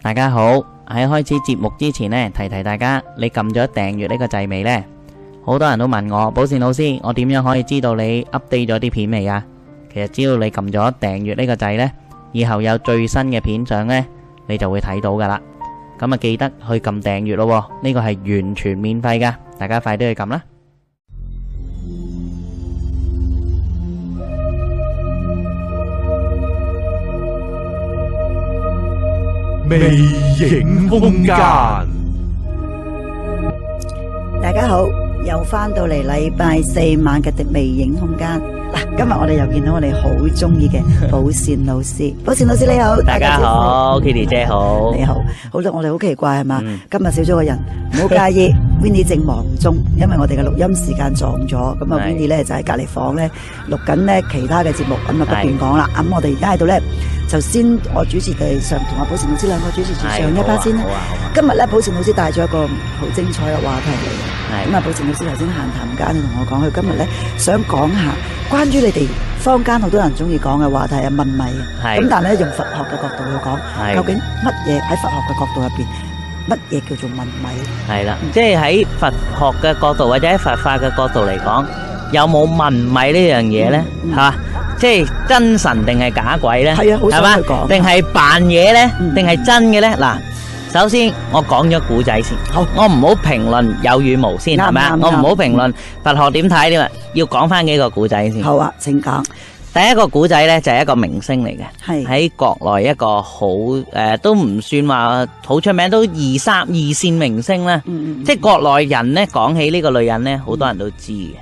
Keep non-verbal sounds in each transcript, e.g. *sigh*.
大家好，喺開始節目之前呢，提提大家，你撳咗訂閱呢個掣未呢？好多人都問我，寶善老師，我點樣可以知道你 update 咗啲片未啊？其實只要你撳咗訂閱呢個掣呢，以後有最新嘅片相呢，你就會睇到噶啦。咁啊，記得去撳訂閱咯，呢個係完全免費噶，大家快啲去撳啦。魅影空間，大家好，又翻到嚟禮拜四晚嘅《魅影空間》。嗱，今日我哋又見到我哋好中意嘅寶善老師，寶善 *laughs* 老師你好，大家好，Kitty 姐好，你好。好多。我哋好奇怪係嘛？嗯、今日少咗個人，唔好介意。Winnie 正忙中，因為我哋嘅錄音時間撞咗，咁啊 Winnie 咧就喺隔籬房咧錄緊咧其他嘅節目，咁啊不斷講啦。咁是我哋而家喺度咧。首先我主持嘅上，同阿寶善老師兩個主持住上一 part 先啦。啊啊啊啊、今日咧，寶善老師帶咗一個好精彩嘅話題嚟。咁啊的，寶善老師頭先閒談間咧同我講，佢今日咧想講下關於你哋坊間好多人中意講嘅話題啊，問米。咁的但係咧，用佛學嘅角度去講，的究竟乜嘢喺佛學嘅角度入邊，乜嘢叫做問米？係啦的，嗯、即係喺佛學嘅角度或者喺佛法嘅角度嚟講，有冇問米呢樣嘢咧？嚇、嗯？嗯嗯即係真神定係假鬼咧？係啊，好想佢講，定係扮嘢咧？定係真嘅咧？嗱，首先我講咗古仔先，我唔好評論有與無先，係咪啊？我唔好評論佛學點睇添啊？要講翻幾個古仔先。好啊，請講。第一個古仔咧就係一個明星嚟嘅，喺國內一個好誒都唔算話好出名，都二三二線明星啦。即係國內人咧講起呢個女人咧，好多人都知嘅，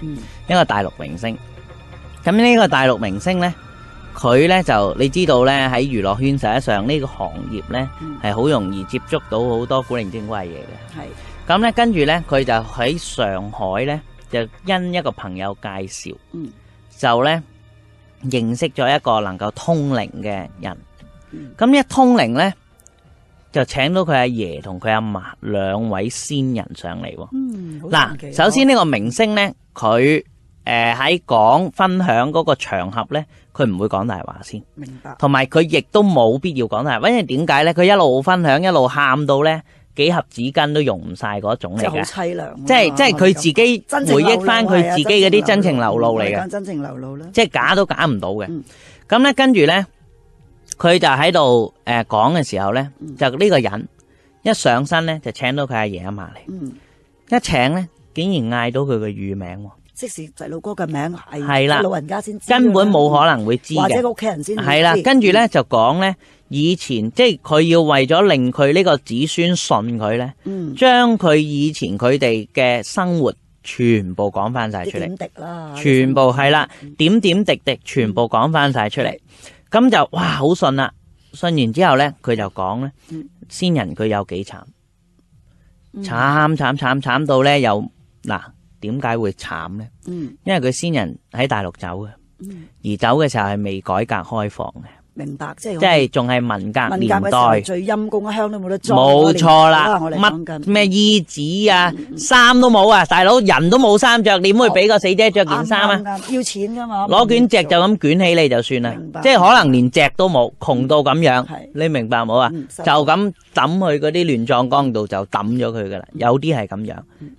一個大陸明星。咁呢個大陸明星咧，佢咧就你知道咧喺娛樂圈，實際上呢個行業咧係好容易接觸到好多古靈精怪嘢嘅。係咁咧，跟住咧佢就喺上海咧，就因一個朋友介紹，就咧認識咗一個能夠通靈嘅人。咁一通靈咧，就請到佢阿爺同佢阿嫲兩位先人上嚟。嗯，嗱，首先呢個明星咧，佢。誒，喺講分享嗰個場合咧，佢唔會講大話先，明白。同埋佢亦都冇必要講大話，因為點解咧？佢一路分享，一路喊到咧，幾盒紙巾都用唔晒嗰一種嚟嘅，好淒涼，即係即係佢自己回憶翻佢自己嗰啲真情流露嚟嘅，真情流露啦，即係假都假唔到嘅。咁咧，跟住咧，佢就喺度誒講嘅時候咧，就呢個人一上身咧就請到佢阿爺阿嫲嚟，一請咧竟然嗌到佢嘅乳名。即時細路哥嘅名係、哎、對老人家先知，根本冇可能會知嘅，或者屋企人先知係啦，對嗯、跟住咧就講咧，以前即係佢要為咗令佢呢個子孫信佢咧，將佢、嗯、以前佢哋嘅生活全部講翻晒出嚟，全部係啦，點點滴滴全部講翻晒出嚟，咁、嗯、就哇好信啦！信完之後咧，佢就講咧，先人佢有幾慘，慘慘慘慘到咧有嗱。點解會慘咧？嗯，因為佢先人喺大陸走嘅，而走嘅時候係未改革開放嘅，明白，即係即係仲係文革年代，最陰公一支香都冇得裝，冇錯啦，我哋乜咩衣紙啊衫都冇啊，大佬人都冇衫着，點會俾個死姐着件衫啊？要錢噶嘛？攞卷席就咁捲起你就算啦，即係可能連席都冇，窮到咁樣，你明白冇啊？就咁抌去嗰啲亂葬崗度就抌咗佢噶啦，有啲係咁樣，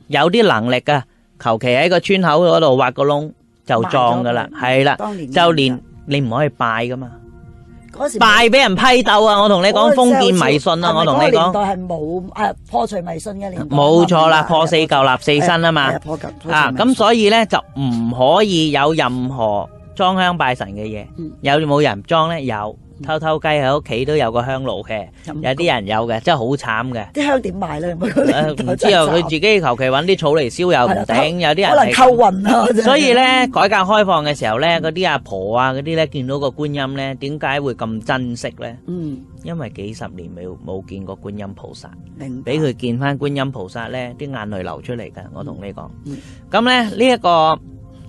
有啲能力噶。求其喺個村口嗰度挖個窿就葬噶啦，係啦，就連你唔可以拜噶嘛，時拜俾人批鬥啊！我同你講封建迷信啊！我同你講，係冇誒破除迷信嘅年代，冇錯啦，破四舊立四新啊嘛，啊咁、啊、所以咧就唔可以有任何裝香拜神嘅嘢、嗯，有冇人裝咧？有。偷偷雞喺屋企都有個香爐嘅，有啲人有嘅，真係好慘嘅。啲香點賣咧？唔知，佢自己求其揾啲草嚟燒又唔頂，有啲人可能扣運啊。所以咧，改革開放嘅時候咧，嗰啲阿婆啊，嗰啲咧見到個觀音咧，點解會咁珍惜咧？嗯，因為幾十年未冇見過觀音菩薩，俾佢見翻觀音菩薩咧，啲眼淚流出嚟噶。我同你講，咁咧呢一個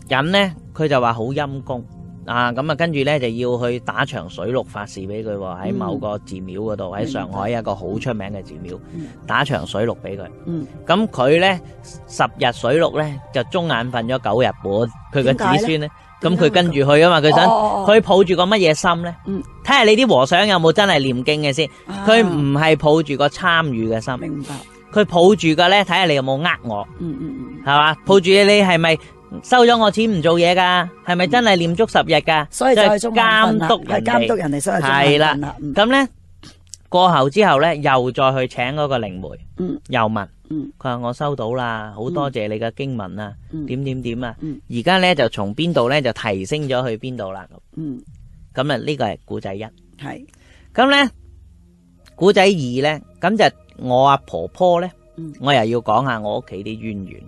人咧，佢就話好陰功。啊，咁啊，跟住咧就要去打場水陸法事俾佢喎，喺某個寺廟嗰度，喺上海一個好出名嘅寺廟，打場水陸俾佢。嗯，咁佢咧十日水陸咧就中眼瞓咗九日半，佢嘅子孫咧，咁佢跟住去啊嘛，佢想，佢抱住個乜嘢心咧？嗯，睇下你啲和尚有冇真係念經嘅先，佢唔係抱住個參與嘅心，明白？佢抱住個咧，睇下你有冇呃我，嗯嗯嗯，係嘛？抱住你係咪？收咗我錢唔做嘢噶，係咪真係念足十日噶？所以就監督係監督人哋，所以係啦。咁咧過後之後咧，又再去請嗰個靈媒，嗯，又問，嗯，佢話我收到啦，好多謝你嘅經文啊，點點點啊，而家咧就從邊度咧就提升咗去邊度啦，嗯，咁啊呢個係古仔一係咁咧古仔二咧，咁就我阿婆婆咧，我又要講下我屋企啲淵源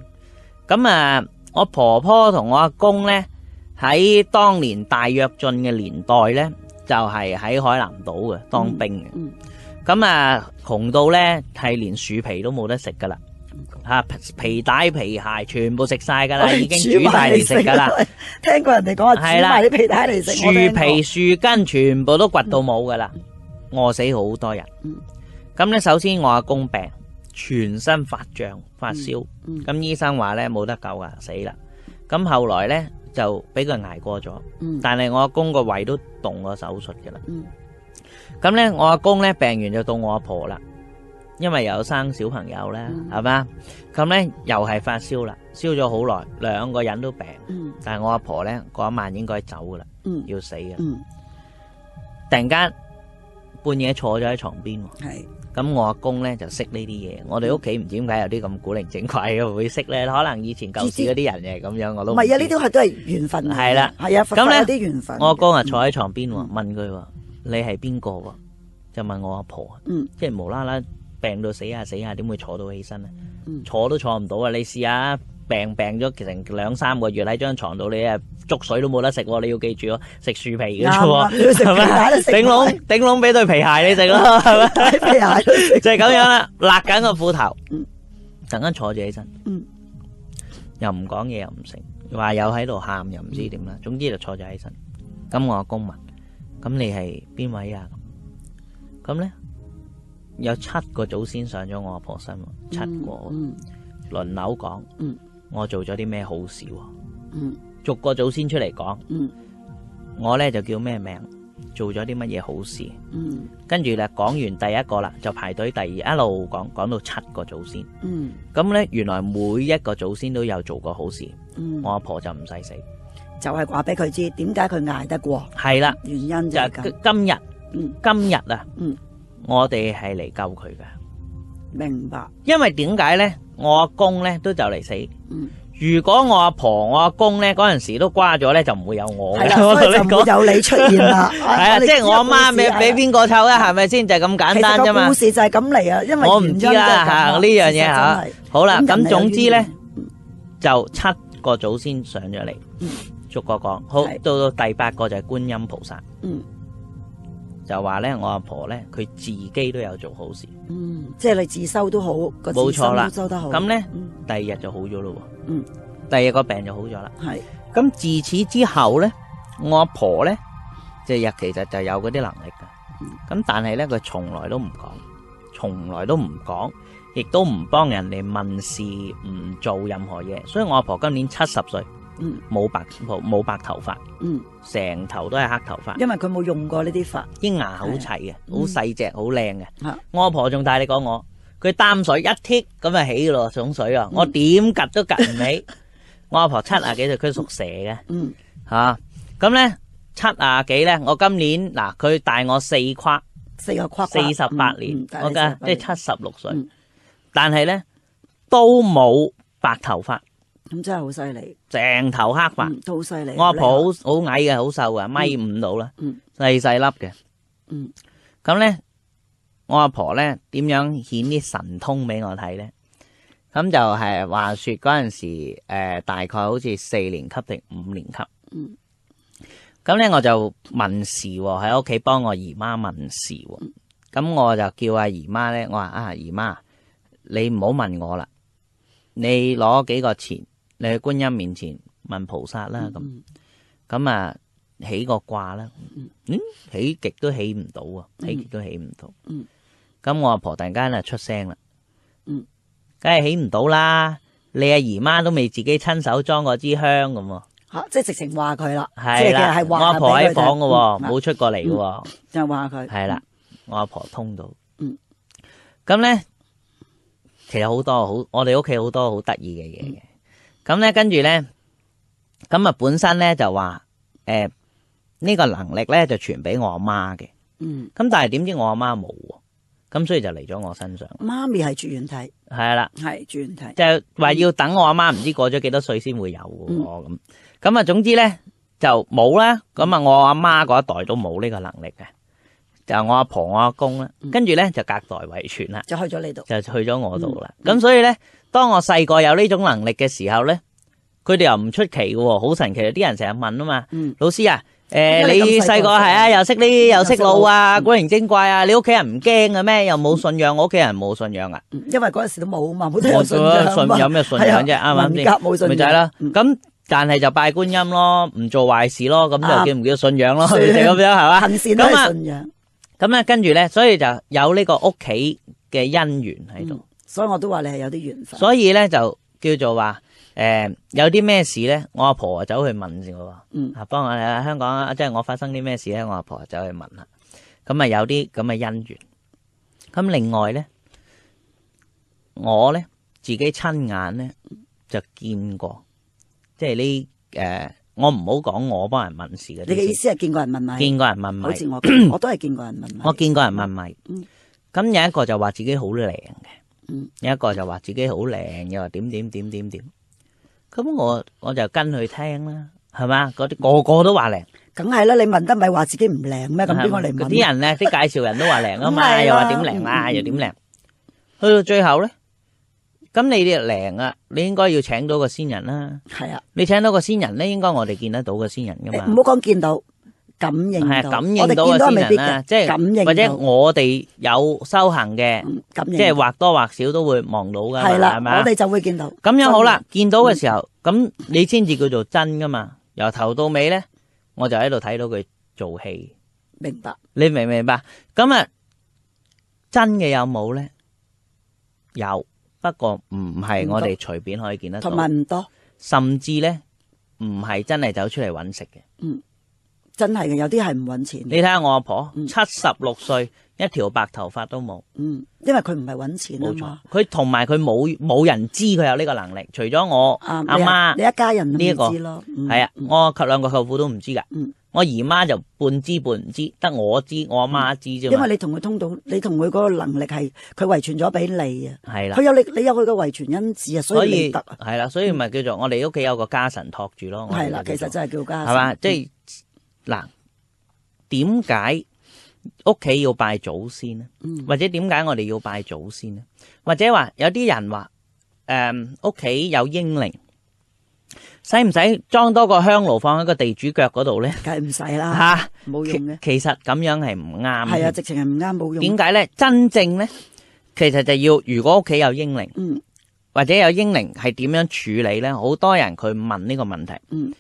咁啊。我婆婆同我阿公呢，喺當年大躍進嘅年代呢，就係、是、喺海南島嘅當兵嘅。咁啊、嗯，窮、嗯、到呢，係連樹皮都冇得食噶啦，吓皮皮帶皮鞋全部食晒噶啦，哎、已經煮晒嚟食噶啦。聽過人哋講係啦，煮啲的皮帶嚟食。樹皮樹根全部都掘到冇噶啦，餓、嗯、死好多人。咁呢、嗯，嗯、首先我阿公病。全身發脹、發燒，咁醫生話咧冇得救噶，死啦。咁後來呢，就俾佢捱過咗，但係我阿公個胃都動過手術噶啦。咁呢，我阿公呢病完就到我阿婆啦，因為有生小朋友啦，係嘛、嗯？咁呢又係發燒啦，燒咗好耐，兩個人都病，但係我阿婆呢，嗰晚應該走噶啦，要死噶啦。突然間半夜坐咗喺床邊。咁我阿公咧就識，識呢啲嘢，我哋屋企唔知點解有啲咁古靈整怪嘅會識咧，可能以前舊時嗰啲人嘅咁知樣，我都唔係啊，呢啲係都係緣分。係啦，係啊，咁咧呢啲緣分，我阿公啊坐喺床邊喎，問佢話、嗯、你係邊個就問我阿婆，嗯，即係無啦啦病到死下死下，點會坐到起身啊？嗯、坐都坐唔到啊！你試下。病病咗成兩三個月喺張床度，你啊粥水都冇得食，你要記住咯，食樹皮嘅啫，係咪？頂窿頂窿，俾對皮鞋你食咯，係咪？皮鞋就係咁樣啦，勒緊個褲頭，突然間坐住起身，又唔講嘢又唔食，話有喺度喊又唔知點啦，總之就坐住起身。咁我阿公問：咁你係邊位啊？咁咧有七個祖先上咗我阿婆身，七個輪流講。我做咗啲咩好事、哦？嗯，mm. 逐個祖先出嚟講。嗯，mm. 我呢就叫咩名？做咗啲乜嘢好事？嗯、mm.，跟住咧講完第一個啦，就排隊第二，一路講講到七個祖先。嗯，咁咧原來每一個祖先都有做過好事。Mm. 我阿婆就唔使死，就係話俾佢知點解佢挨得過？係啦，原因就係今日。今日啊，嗯，我哋係嚟救佢噶。明白，因為點解咧？我阿公咧都就嚟死。嗯，如果我阿婆、我阿公咧嗰陣時都瓜咗咧，就唔會有我嘅，就唔會有你出現啦。係啊，即係我阿媽俾俾邊個湊啦？係咪先就咁簡單啫嘛？故事就係咁嚟啊！因為我唔知啦吓呢樣嘢吓。好啦，咁總之咧就七個祖先上咗嚟，逐個講，好，到到第八個就係觀音菩薩。嗯。就話咧，我阿婆咧，佢自己都有做好事，嗯，即係你自修都好，個自修都修得好。冇錯啦，咁咧、嗯，第二日就好咗咯，嗯，第二個病就好咗啦，係、嗯。咁自此之後咧，我阿婆咧，即係日其實就有嗰啲能力㗎，咁、嗯、但係咧，佢從來都唔講，從來都唔講，亦都唔幫人哋問事，唔做任何嘢。所以我阿婆今年七十歲。冇白冇白頭髮，成頭都係黑頭髮。因為佢冇用過呢啲發，啲牙好齊嘅，好細隻，好靚嘅。我阿婆仲帶你講我，佢擔水一剔咁啊起噶咯，腫水啊！我點夾都夾唔起。我阿婆七啊幾歲，佢屬蛇嘅，吓咁咧七啊幾咧？我今年嗱，佢大我四框，四個框，四十八年，我嘅即係七十六歲，但係咧都冇白頭髮。咁真係好犀利，成頭黑髮、嗯、好犀利、啊。我阿婆好好矮嘅，好瘦嘅，米五到啦，嗯、細細粒嘅。咁咧、嗯，我阿婆咧點樣顯啲神通俾我睇咧？咁就係話説嗰陣時、呃，大概好似四年級定五年級。咁咧、嗯、我就問事喎，喺屋企幫我姨媽問事喎。咁、嗯、我就叫阿姨媽咧，我話啊姨媽，你唔好問我啦，你攞幾個錢，你去觀音面前問菩薩啦，咁咁啊起個卦啦，嗯，起極都起唔到啊，起極都起唔到，咁我阿婆突然間啊出聲啦，嗯，梗係起唔到啦，你阿姨媽都未自己親手裝過支香咁喎，吓，即係直情話佢啦，係啦，我阿婆喺房嘅，冇出過嚟嘅，就話佢，係啦，我阿婆通到，嗯，咁咧其實好多好，我哋屋企好多好得意嘅嘢嘅。咁咧，跟住咧，咁啊，本身咧就話，誒，呢個能力咧就傳俾我阿媽嘅。嗯。咁但係點知我阿媽冇喎，咁所以就嚟咗我身上。媽咪係絕緣體。係啦。係絕緣體。就話要等我阿媽唔知過咗幾多歲先會有我咁。咁啊，總之咧就冇啦。咁啊，我阿媽嗰一代都冇呢個能力嘅，就我阿婆我阿公啦。跟住咧就隔代遺傳啦。就去咗呢度。就去咗我度啦。咁所以咧。當我細個有呢種能力嘅時候咧，佢哋又唔出奇嘅，好神奇。啲人成日問啊嘛，老師啊，誒，你細個係啊，又識呢，又識路啊，古靈精怪啊，你屋企人唔驚嘅咩？又冇信仰，我屋企人冇信仰啊？因為嗰陣時都冇啊嘛，冇啲信仰。冇信有咩信仰啫？啱唔啱先？人格冇信仰咪就係啦。咁但係就拜觀音咯，唔做壞事咯，咁就叫唔叫信仰咯？就咁樣係嘛？行善都係信仰。咁咧，跟住咧，所以就有呢個屋企嘅姻緣喺度。所以我都話你係有啲緣分，所以咧就叫做話誒、呃、有啲咩事咧，我阿婆,婆走去問嘅，嗯，啊幫啊香港啊，即係我發生啲咩事咧，我阿婆,婆,婆走去問啦，咁啊有啲咁嘅姻緣，咁另外咧，我咧自己親眼咧就見過，即係呢誒，我唔好講我幫人問事嘅，你嘅意思係見過人問米？見過人問米，好似我我都係見過人問米？我見過人問米？咁、嗯、有一個就話自己好靚嘅。有一個就話自己好靚又話，點點點點點，咁我我就跟佢聽啦，係嘛？嗰啲個個都話靚，梗係啦？你問得咪話自己唔靚咩？咁邊個嚟問？嗰啲人咧，啲介紹人都話靚啊嘛，又話點靚啊，又點靚。去到最後咧，咁你哋靚啊，你應該要請到個先人啦。係啊，你請到個先人咧，應該我哋見得到個先人噶嘛？唔好講見到。感應到我哋見到未必嘅，或者我哋有修行嘅，即係或多或少都會望到噶，係啦，係咪，我哋就會見到。咁樣好啦，見到嘅時候，咁你先至叫做真噶嘛？由頭到尾咧，我就喺度睇到佢做戲。明白，你明唔明白？咁啊，真嘅有冇咧？有，不過唔係我哋隨便可以見得到，同埋唔多，甚至咧唔係真係走出嚟揾食嘅。嗯。真係嘅，有啲係唔搵錢。你睇下我阿婆，七十六歲，一條白頭髮都冇。嗯，因為佢唔係搵錢啊嘛。冇錯。佢同埋佢冇冇人知佢有呢個能力，除咗我阿媽，你一家人呢一個係啊，我及兩個舅父都唔知噶。我姨媽就半知半唔知，得我知，我阿媽知啫。因為你同佢通道，你同佢嗰個能力係佢遺傳咗俾你啊。係啦，佢有你，你有佢嘅遺傳因子啊，所以係啦，所以咪叫做我哋屋企有個家神托住咯。係啦，其實真係叫家神係嘛，即係。嗱，點解屋企要拜祖先咧？嗯、或者點解我哋要拜祖先咧？或者話有啲人話誒，屋企有英靈，使唔使裝多個香爐放喺個地主腳嗰度咧？梗係唔使啦，嚇冇用嘅、啊。其實咁樣係唔啱，係啊，直情係唔啱，冇用。點解咧？真正咧，其實就要，如果屋企有英靈，嗯，或者有英靈係點樣處理咧？好多人佢問呢個問題。嗯、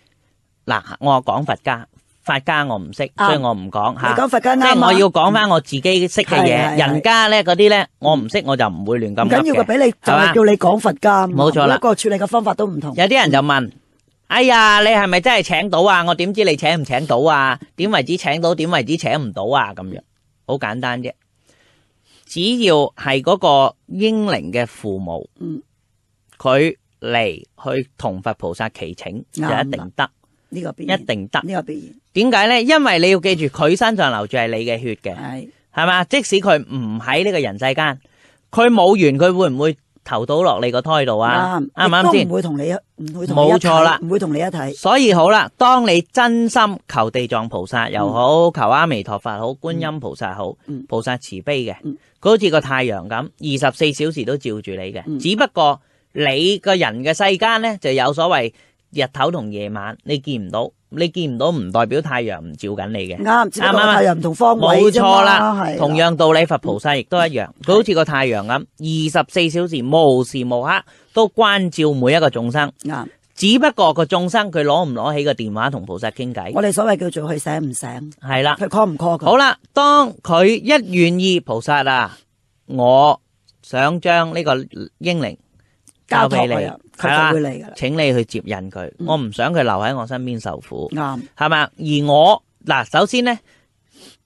嗱，我講佛家。佛家我唔識，所以我唔講吓。你講佛家啱，即係我要講翻我自己識嘅嘢。人家咧嗰啲咧，我唔識我就唔會亂咁講。緊要嘅俾你就係叫你講佛家。冇錯啦，個處理嘅方法都唔同。有啲人就問：哎呀，你係咪真係請到啊？我點知你請唔請到啊？點為止請到？點為止請唔到啊？咁樣好簡單啫，只要係嗰個英靈嘅父母，嗯，佢嚟去同佛菩薩祈請就一定得。呢個必然，呢個必然。點解呢？因為你要記住，佢身上流住係你嘅血嘅，係嘛？即使佢唔喺呢個人世間，佢冇完，佢會唔會投到落你個胎度啊？啱唔啱先？唔會同你，唔冇錯啦，唔會同你一體。所以好啦，當你真心求地藏菩薩又好，求阿彌陀佛好，觀音菩薩好，菩薩慈悲嘅，佢好似個太陽咁，二十四小時都照住你嘅。只不過你個人嘅世間呢，就有所謂。日頭同夜晚，你見唔到，你見唔到唔代表太陽唔照緊你嘅。啱啱太陽唔同方位，冇錯啦。係同樣道理，佛菩薩亦都一樣，佢好似個太陽咁，二十四小時無時無刻都關照每一個眾生。啱，只不過個眾生佢攞唔攞起個電話同菩薩傾偈。我哋所謂叫做佢醒唔醒，係啦，佢 call 唔 call 佢。好啦，當佢一願意，菩薩啊，我想將呢個英靈，交俾你，佢會嚟㗎，請你去接引佢。嗯、我唔想佢留喺我身邊受苦，啱係嘛？而我嗱，首先咧，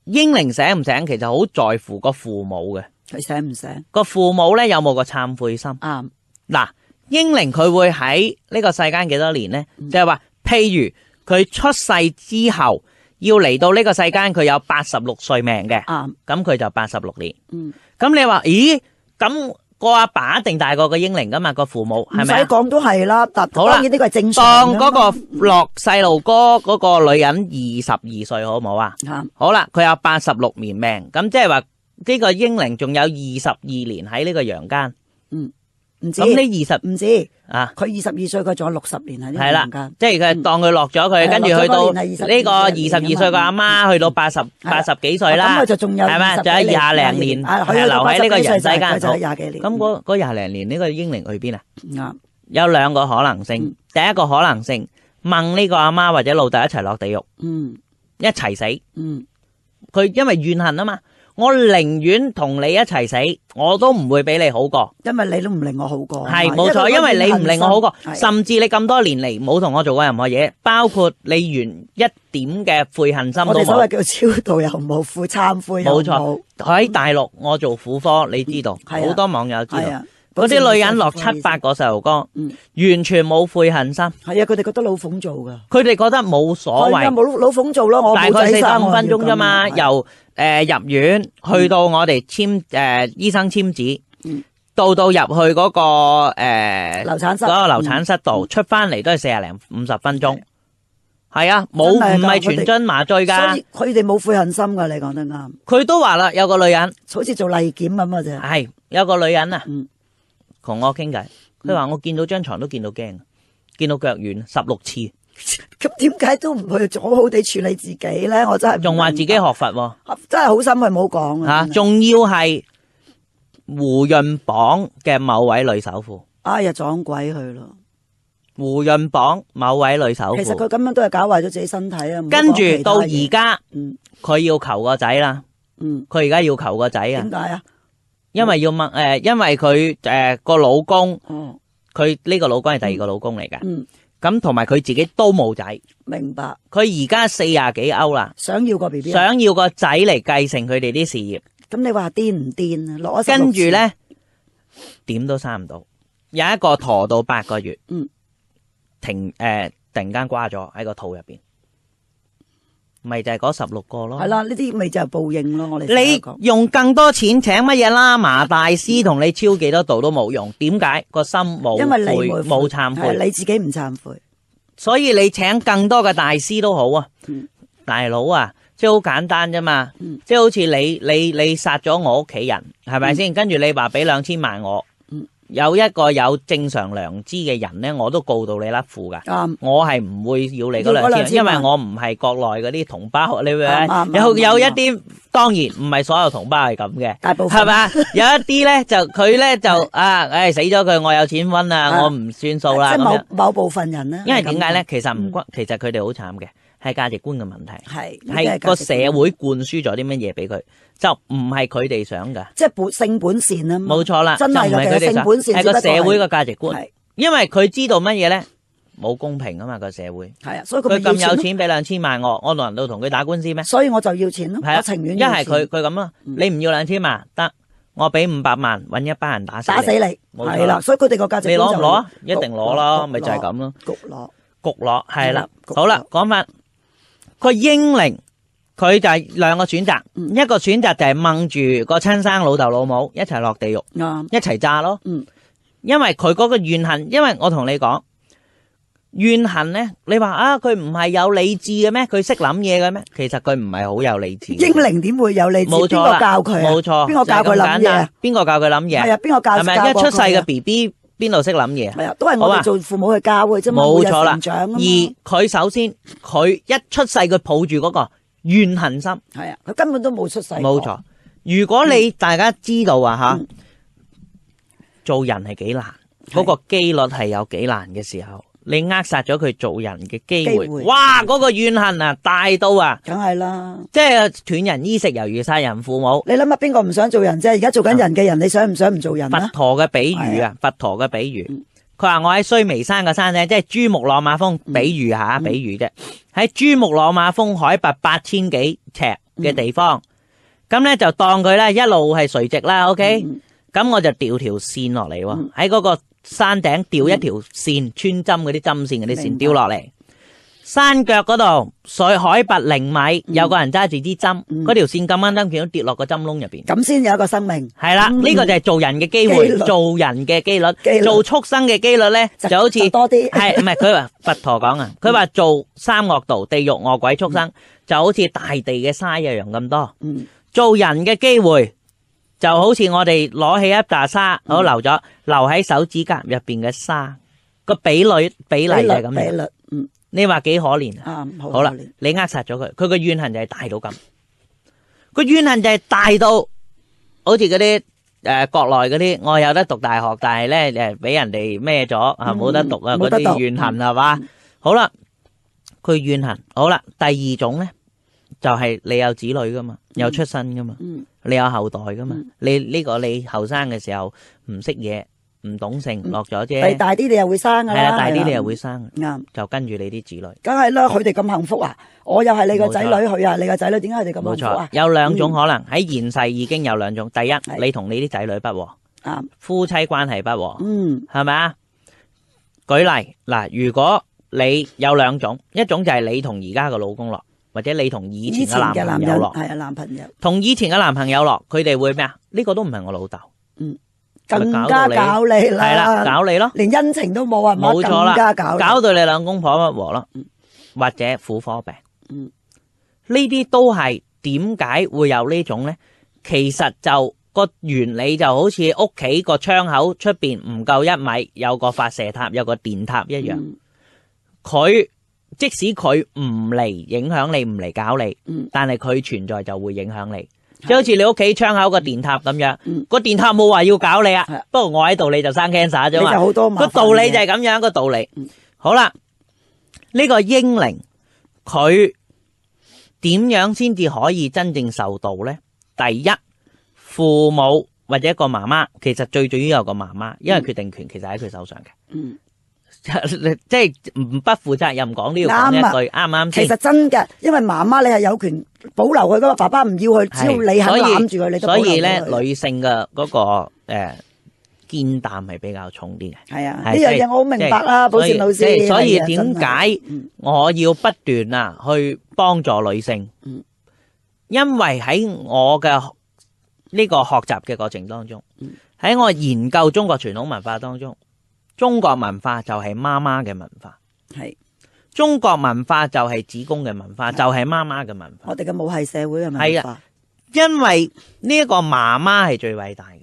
英靈醒唔醒，其實好在乎個父母嘅。佢醒唔醒？個父母咧有冇個懺悔心？啱嗱、嗯，英靈佢會喺呢個世間幾多年咧？即係話，譬如佢出世之後要嚟到呢個世間，佢有八十六歲命嘅，咁佢就八十六年。嗯，咁你話咦咁？個阿爸一定大過個嬰靈㗎嘛，個父母係咪？唔使講都係啦，好啦，呢個係正常。當嗰個落細路哥嗰個女人二十二歲，好唔好啊？好啦，佢有八十六年命，咁即係話呢個嬰靈仲有二十二年喺呢個陽間。嗯。咁你二十唔止啊？佢二十二歲，佢仲有六十年係呢？係啦，即係佢當佢落咗佢，跟住去到呢個二十二歲個阿媽去到八十八十幾歲啦。咁我就仲有係嘛？就係廿零年留喺呢個人世間度，廿幾年。咁嗰、嗰廿零年呢個英靈去邊啊？有兩個可能性，第一個可能性問呢個阿媽或者老豆一齊落地獄，嗯，一齊死，嗯，佢因為怨恨啊嘛。我寧願同你一齊死，我都唔會俾你好過，因為你都唔令我好過。係冇錯，因為你唔令我好過，甚至你咁多年嚟冇同我做過任何嘢，包括你完一點嘅悔恨心。我哋所謂叫超度又冇悔，懺悔又冇。冇錯。喺大陸，我做婦科，你知道，好多網友知道，嗰啲女人落七八個細路哥，完全冇悔恨心。係啊，佢哋覺得老奉做噶，佢哋覺得冇所謂，冇老奉做咯。我大概四十五分鐘啫嘛，又。誒，入院去到我哋簽誒醫生簽字，嗯、到到入去嗰、嗰個誒、呃、流產室，個流產室度、嗯、出翻嚟都係四十零五十分鐘，係、嗯、啊，冇唔係全身麻醉噶，所以佢哋冇悔恨心噶。你講得啱，佢都話啦，有個女人好似做例檢咁啊，就係有個女人啊，同、嗯、我傾偈，佢話我見到張床都見到驚，見到腳軟十六次。咁點解都唔去好好地處理自己咧？我真係仲話自己學佛，真係好心去唔好講啊！仲、啊、要係胡潤榜嘅某位女首富，哎呀、啊、撞鬼去咯！胡潤榜某位女首富，其實佢咁樣都係搞壞咗自己身體啊嘛！跟住到而家，嗯，佢要求個仔啦，嗯，佢而家要求個仔啊？點解啊？因為要問誒、呃，因為佢誒、嗯、個老公，佢呢個老公係第二個老公嚟㗎，嗯。咁同埋佢自己都冇仔，明白。佢而家四廿幾歐啦，想要個 BB，想要個仔嚟繼承佢哋啲事業。咁你話癲唔癲啊？攞跟住咧，點都生唔到，有一個陀到八個月，嗯，停誒、呃，突然間瓜咗喺個肚入邊。咪就係嗰十六個咯，係啦，呢啲咪就係報應咯，我哋你用更多錢請乜嘢喇嘛大師同你超幾多度都冇用，點解個心冇？因為你冇懺悔，係，你自己唔懺悔，所以你請更多嘅大師都好啊，嗯、大佬啊，即係好簡單啫嘛，即係好似你你你殺咗我屋企人，係咪先？嗯、跟住你話俾兩千萬我。有一個有正常良知嘅人咧，我都告到你甩褲噶，我係唔會要你嗰兩千，因為我唔係國內嗰啲同胞你明唔明？有有一啲當然唔係所有同胞係咁嘅，大部分係嘛？有一啲咧就佢咧就啊唉死咗佢，我有錢分啦，我唔算數啦即係。某某部分人啦，因為點解咧？其實唔關，其實佢哋好慘嘅。係價值觀嘅問題，係係個社會灌輸咗啲乜嘢俾佢，就唔係佢哋想噶，即係本性本善啊，冇錯啦，真係，就唔係佢哋想，係個社會嘅價值觀。係，因為佢知道乜嘢咧，冇公平啊嘛個社會，係啊，所以佢咁有錢俾兩千萬，我我落人都同佢打官司咩？所以我就要錢咯，係啊，情願一係佢佢咁咯，你唔要兩千萬得，我俾五百萬搵一班人打死，打死你，係啦，所以佢哋個價值觀就你攞唔攞？一定攞咯，咪就係咁咯，焗攞焗攞係啦，好啦，講翻。個英靈佢就係兩個選擇，一個選擇就係掹住個親生老豆老母一齊落地獄，一齊炸咯。嗯，因為佢嗰個怨恨，因為我同你講怨恨咧，你話啊，佢唔係有理智嘅咩？佢識諗嘢嘅咩？其實佢唔係好有理智。英靈點會有理智？冇錯啦，邊個教佢？冇錯，邊個教佢諗嘢？邊個教佢諗嘢？係啊，邊個教？係咪一出世嘅 BB？邊度識諗嘢？係啊，都係我哋做父母去教嘅啫錯嘛。冇錯啦，而佢首先佢一出世，佢抱住嗰個怨恨心。係啊，佢根本都冇出世。冇錯。如果你大家知道啊吓、嗯，做人係幾難，嗰、嗯、個機率係有幾難嘅時候。你扼殺咗佢做人嘅機會，哇！嗰個怨恨啊，大到啊，梗係啦，即係斷人衣食，猶如殺人父母。你諗下，邊個唔想做人啫？而家做緊人嘅人，你想唔想唔做人？佛陀嘅比喻啊，佛陀嘅比喻，佢話我喺須彌山嘅山頂，即係珠穆朗瑪峰，比喻吓，比喻啫。喺珠穆朗瑪峰海拔八千幾尺嘅地方，咁咧就當佢咧一路係垂直啦。OK，咁我就掉條線落嚟喎，喺嗰個。山頂掉一條線，嗯、穿針嗰啲針線嗰啲線掉落嚟，山腳嗰度水海拔零米，有個人揸住支針，嗰條、嗯、線咁啱針片跌落個針窿入邊，咁先有一個生命。係啦，呢個就係做人嘅機會，做人嘅機率，做畜生嘅機率呢，就好似多啲，係唔係？佢話佛陀講啊，佢話做三惡道、地獄餓鬼畜生就好似大地嘅沙一樣咁多，做人嘅機會。就好似我哋攞起一扎沙，我留咗留喺手指甲入邊嘅沙，個比率比例係咁樣。比率嗯，你話幾可憐啊？好啦，你扼殺咗佢，佢個怨恨就係大到咁。個怨恨就係大到，好似嗰啲誒國內嗰啲，我有得讀大學，但係咧誒俾人哋孭咗啊，冇得讀啊，嗰啲怨恨係嘛？好啦，佢怨恨。好啦，第二種咧就係你有子女噶嘛，有出身噶嘛。你有後代噶嘛？你呢個你後生嘅時候唔識嘢，唔懂性，落咗啫。你大啲你又會生噶啦。係啊，大啲你又會生。啱，就跟住你啲子女。梗係啦，佢哋咁幸福啊！我又係你個仔女，佢啊，你個仔女，點解佢哋咁幸福啊？有兩種可能喺現世已經有兩種。第一，你同你啲仔女不和，夫妻關係不和，嗯，係咪啊？舉例嗱，如果你有兩種，一種就係你同而家個老公咯。或者你同以前嘅男朋友咯，係啊，男朋友同以前嘅男朋友咯，佢哋會咩啊？呢個都唔係我老豆，嗯，更加搞你係啦，搞你咯，連恩情都冇啊，冇錯啦，更加搞，搞到你兩公婆不和咯，或者婦科病，嗯，呢啲都係點解會有呢種咧？其實就個原理就好似屋企個窗口出邊唔夠一米，有個發射塔，有個電塔一樣，佢。即使佢唔嚟影響你，唔嚟搞你，但係佢存在就會影響你。就好似你屋企窗口個電塔咁樣，個電塔冇話要搞你啊。不過我喺度你就生 cancer 啫嘛。個道理就係咁樣個道理。好啦，呢個嬰靈佢點樣先至可以真正受到咧？第一，父母或者一個媽媽，其實最重要有個媽媽，因為決定權其實喺佢手上嘅。嗯。即係唔不負責任講呢句，啱啊，啱唔啱先？其實真嘅，因為媽媽你係有權保留佢，咁啊，爸爸唔要佢，只要你肯攬住佢，你就好啦。所以咧，女性嘅嗰個誒，肩擔係比較重啲嘅。係啊，呢樣嘢我好明白啦，寶善老師。所以點解我要不斷啊去幫助女性？嗯，因為喺我嘅呢個學習嘅過程當中，喺我研究中國傳統文化當中。中國文化就係媽媽嘅文化，係中國文化就係子宮嘅文化，就係媽媽嘅文化。我哋嘅母系社會係咪？係啊，因為呢一個媽媽係最偉大嘅。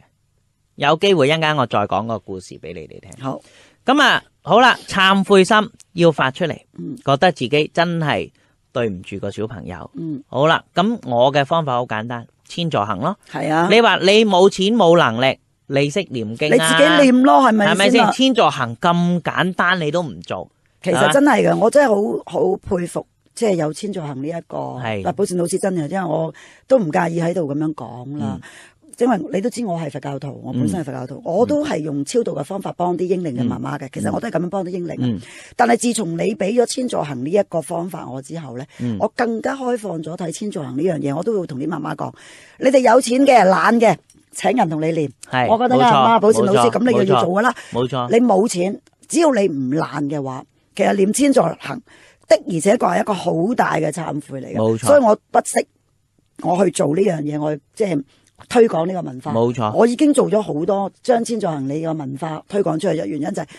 有機會一陣間我再講個故事俾你哋聽。好，咁啊，好啦，懺悔心要發出嚟，覺得自己真係對唔住個小朋友。嗯，好啦，咁我嘅方法好簡單，千助行咯。係啊，你話你冇錢冇能力。你識念經，你自己念咯，係咪先？係咪先？千座行咁簡單，你都唔做？其實真係嘅，我真係好好佩服，即係有千座行呢一個。係，但係寶善老師真嘅，因為我都唔介意喺度咁樣講啦。因為你都知我係佛教徒，我本身係佛教徒，我都係用超度嘅方法幫啲嬰靈嘅媽媽嘅。其實我都係咁樣幫啲嬰靈。嗯。但係自從你俾咗千座行呢一個方法我之後咧，我更加開放咗睇千座行呢樣嘢。我都會同啲媽媽講，你哋有錢嘅，懶嘅。請人同你練，是我覺得錯啊，寶善老師咁錯你又要做噶啦，冇錯，你冇錢，只要你唔爛嘅話，其實練千座行的而且確係一個好大嘅懺悔嚟嘅。冇錯，所以我不惜我去做呢樣嘢，我即係推廣呢個文化，冇錯，我已經做咗好多將千座行李嘅文化推廣出去，嘅原因就係、是。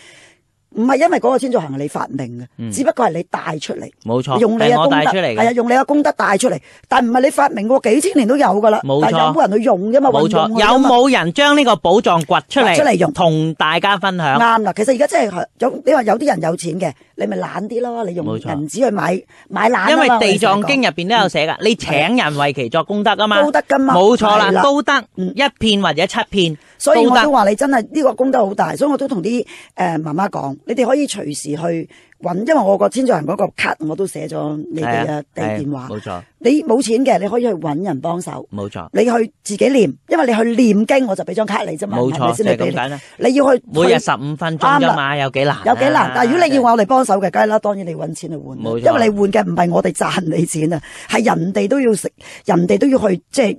唔係因為嗰個先做行，你發明嘅，嗯、只不過係你帶出嚟，冇錯錯，用你嘅功德，出嚟。係啊，用你嘅功德帶出嚟，但唔係你發明嘅，幾千年都有噶啦，冇錯錯，有冇人去用㗎嘛？冇錯，錯為有冇人將呢個寶藏掘出嚟，出嚟用，同大家分享。啱啦，其實而家真係有，你話有啲人有錢嘅。你咪懶啲咯，你用銀紙去買買懶咯。因為地藏經入邊都有寫噶，你請人為其作功德啊嘛，功德噶嘛，冇錯啦，功德一片或者七片，所以我都話你真係呢個功德好大，所以我都同啲誒媽媽講，你哋可以隨時去。揾，因為我個天主人嗰個卡我都寫咗你哋嘅地電話。冇錯。你冇錢嘅，你可以去揾人幫手。冇錯。你去自己念，因為你去念經，我就俾張卡你啫嘛。冇錯。就係咁簡單。你要去每日十五分鐘啊嘛？有幾難？有幾難？但係如果你要話我哋幫手嘅，梗係啦，當然你揾錢去換。因為你換嘅唔係我哋賺你錢啊，係人哋都要食，人哋都要去即係。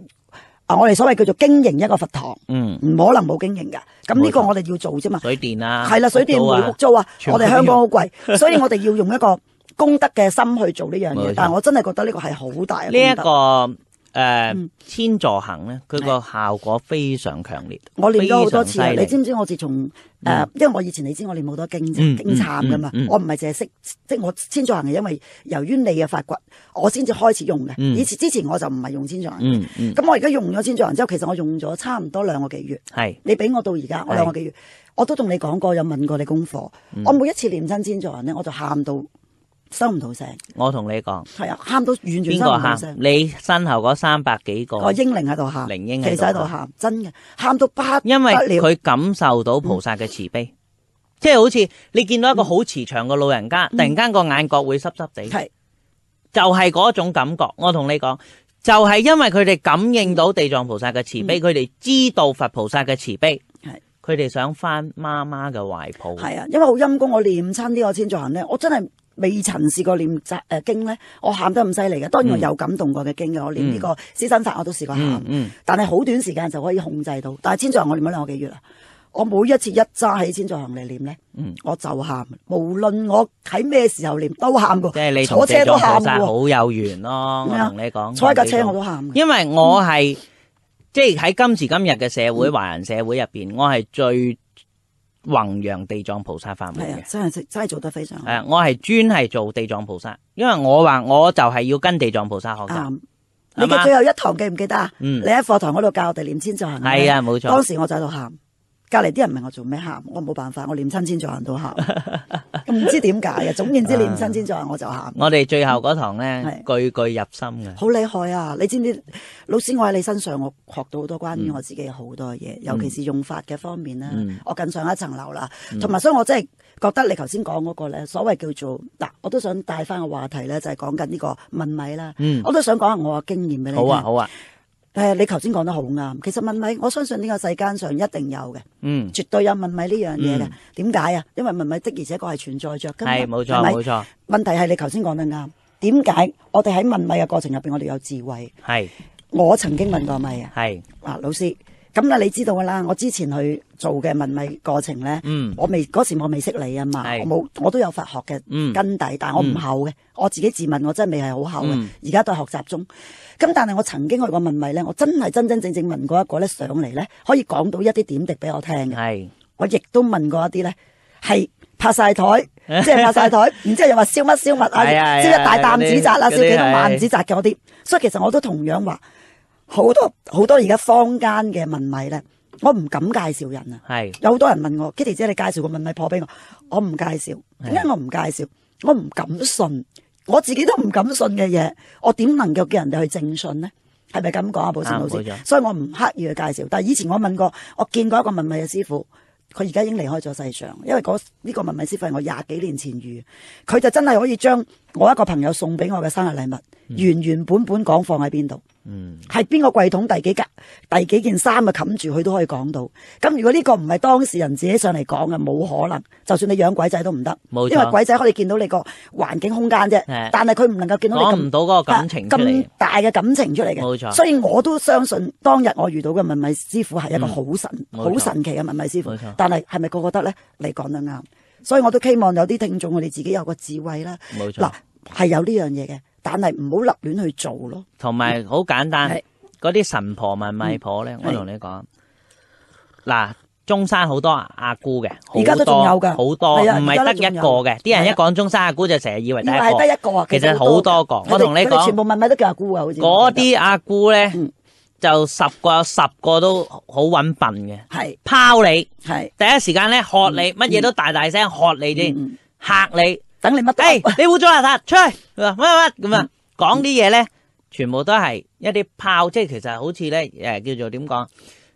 啊！我哋所謂叫做經營一個佛堂，嗯，唔可能冇經營噶。咁呢個我哋要做啫嘛。水電啊，係啦，水電、房屋租啊，啊我哋香港好貴，所以我哋要用一個公德嘅心去做呢樣嘢。冇錯，但係我真係覺得呢個係好大嘅功德。誒，千座行咧，佢個效果非常強烈。我練咗好多次，你知唔知？我自從誒，因為我以前你知我練好多經啫，經慘噶嘛。我唔係淨係識，即係我千座行係因為由於你嘅發掘，我先至開始用嘅。以前之前我就唔係用千座行，咁我而家用咗千座行之後，其實我用咗差唔多兩個幾月。係你俾我到而家，我兩個幾月，我都同你講過，有問過你功課。我每一次練親千座行咧，我就喊到。收唔到聲，我同你講，係啊，喊到完全收唔到聲。你身後嗰三百幾個，個嬰靈喺度喊，靈嬰喺度喊，真嘅喊到不得了。因為佢感受到菩薩嘅慈悲，即係好似你見到一個好慈祥嘅老人家，突然間個眼角會濕濕地，係就係嗰種感覺。我同你講，就係因為佢哋感應到地藏菩薩嘅慈悲，佢哋知道佛菩薩嘅慈悲，係佢哋想翻媽媽嘅懷抱。係啊，因為好陰功，我念親啲我先做行咧，我真係。未曾試過念雜誒經咧，我喊得咁犀利嘅。當然我有感動過嘅經嘅，我念呢個施身法我都試過喊。嗯嗯、但係好短時間就可以控制到。但係千載，我念咗兩個幾月啊！我每一次一揸起千載行李念咧，我就喊，無論我喺咩時候念都喊過。即係你坐車都喊嘅，好有緣咯。我同你講，坐一架車我都喊。因為我係、嗯、即係喺今時今日嘅社會，嗯、華人社會入邊，我係最。弘揚地藏菩薩法門嘅，真係真係做得非常好。係啊，我係專係做地藏菩薩，因為我話我就係要跟地藏菩薩學習。你嘅最後一堂記唔記得啊？嗯，你喺課堂嗰度教我哋念千咒係咪？係啊，冇錯。當時我就喺度喊。隔籬啲人問我做咩喊，我冇辦法，我念親千載人都喊，唔 *laughs* 知點解啊？總言之，念親千載人我就喊。 *laughs* 我哋最後嗰堂咧，嗯、句句入心嘅。好厲害啊！你知唔知？老師，我喺你身上，我學到好多關於我自己好多嘢，尤其是用法嘅方面啦。嗯、我更上一層樓啦。同埋、嗯，所以我真係覺得你頭先講嗰個咧，所謂叫做嗱，我都想帶翻個話題咧，就係講緊呢個問米啦。我都想講下我嘅經驗俾你聽。好啊，好啊。誒，你頭先講得好啱。其實問米，我相信呢個世間上一定有嘅，嗯，絕對有問米呢樣嘢嘅。點解啊？因為問米的而且確係存在着。係，冇錯，冇錯。問題係你頭先講得啱。點解我哋喺問米嘅過程入邊，我哋有智慧？係，係，我曾經問過米啊。係，啊老師。咁啦，你知道噶啦，我之前去做嘅問米過程咧，我未嗰時我未識你啊嘛，我冇我都有佛學嘅根底，但係我唔厚嘅，我自己自問我真係未係好厚嘅，而家都係學習中。咁但係我曾經去過問米咧，我真係真真正正問過一個咧上嚟咧，可以講到一啲點滴俾我聽嘅。我亦都問過一啲咧，係拍晒台，即係拍晒台，然之後又話燒乜燒物啊，燒一大擔紙紮啊，燒幾多萬紙紮嘅嗰啲。所以其實我都同樣話。好多好多而家坊間嘅問米咧，我唔敢介紹人啊。係是有好多人問我，Kitty 姐，你介紹個問米婆俾我，我唔介紹。點解我唔介紹？是我唔敢信，我自己都唔敢信嘅嘢，我點能夠叫人哋去正信呢？係咪咁講啊？寶善老師，錯所以我唔刻意去介紹。但係以前我問過，我見過一個問米嘅師傅，佢而家已經離開咗世上，因為呢、那個這個問米師傅係我廿幾年前遇，佢就真係可以將。我一個朋友送俾我嘅生日禮物，原原本本講放喺邊度，係邊、嗯、個櫃桶第幾格、第幾件衫啊冚住佢都可以講到。咁如果呢個唔係當事人自己上嚟講嘅，冇可能。就算你養鬼仔都唔得，錯因為鬼仔可以見到你個環境空間啫，是但係佢唔能夠見到你。講唔到嗰個感情出嚟咁、啊、大嘅感情出嚟嘅。錯所以我都相信當日我遇到嘅問米師傅係一個好神、好、嗯、神奇嘅問米師傅。錯但係係咪個個得呢？你講得啱。所以我都希望有啲聽眾，我哋自己有個智慧啦。冇錯，嗱，係有呢樣嘢嘅，但係唔好立亂去做咯。同埋好簡單，嗰啲神婆、問米婆咧，我同你講，嗱，中山好多阿姑嘅，而家都仲有㗎，好多唔係得一個嘅。啲人一講中山阿姑就成日以為，唔係得一個，其實好多個。我同你講，全部問米都叫阿姑啊，好似嗰啲阿姑咧。就十個有十個都好揾笨嘅，係拋你，係第一時間咧喝你，乜嘢都大大聲喝你先嚇你，等你乜？誒，你污糟邋遢啊！出去，話乜乜咁啊？講啲嘢咧，全部都係一啲拋，即係其實好似咧，誒，叫做點講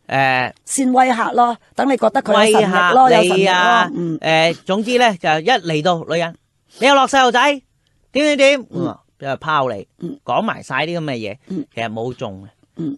誒，先威嚇咯，等你覺得佢威嚇咯，威嚇咯，嗯，誒，總之咧就一嚟到女人，你有落細路仔，點點點，嗯，就拋你，嗯，講埋晒啲咁嘅嘢，嗯，其實冇中嘅，嗯。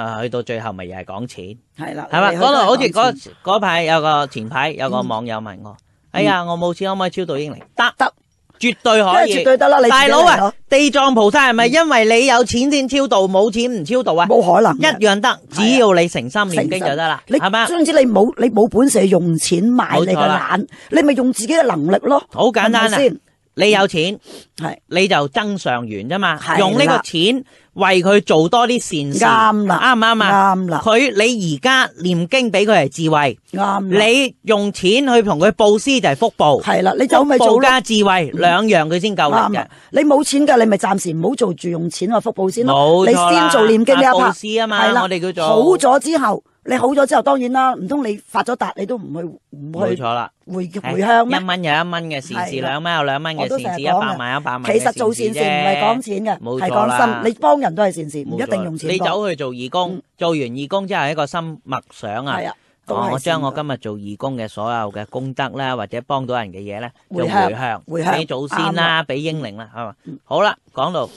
啊！去到最後咪又係講錢，係啦，係啦，講到好似嗰嗰排有個前排有個網友問我：哎呀，我冇錢可唔可以超度嬰靈？得得，絕對可以。都係絕對得啦，你大佬啊，地藏菩薩係咪因為你有錢先超度，冇錢唔超度啊？冇可能，一樣得，只要你誠心念經就得啦。係嘛？所以你冇你冇本事用錢買，冇錯啦。懶，你咪用自己嘅能力咯。好簡單啊先，你有錢係你就增上緣啫嘛，用呢個錢。為佢做多啲善事，啱啦，啱唔啱啊？啱啦，佢你而家念經俾佢係智慧，啱。你用錢去同佢布施就係福報，係啦，你就咪做加智慧兩樣佢先夠嘅。你冇錢噶，你咪暫時唔好做住用錢去福報先咯，冇錯。你先做念經你布施啊嘛，係啦，我哋叫做好咗之後。你好咗之後，當然啦，唔通你發咗達，你都唔去唔去？冇錯啦，回回向咩？一蚊有一蚊嘅善事，兩蚊有兩蚊嘅善事，一百萬一百萬嘅善事啫。其實做善事唔係講錢嘅，係講心。你幫人都係善事，唔一定用錢。你走去做義工，做完義工之後一個心默想啊！我將我今日做義工嘅所有嘅功德啦，或者幫到人嘅嘢咧，就回向回向俾祖先啦，俾英靈啦。係咪？好啦，講到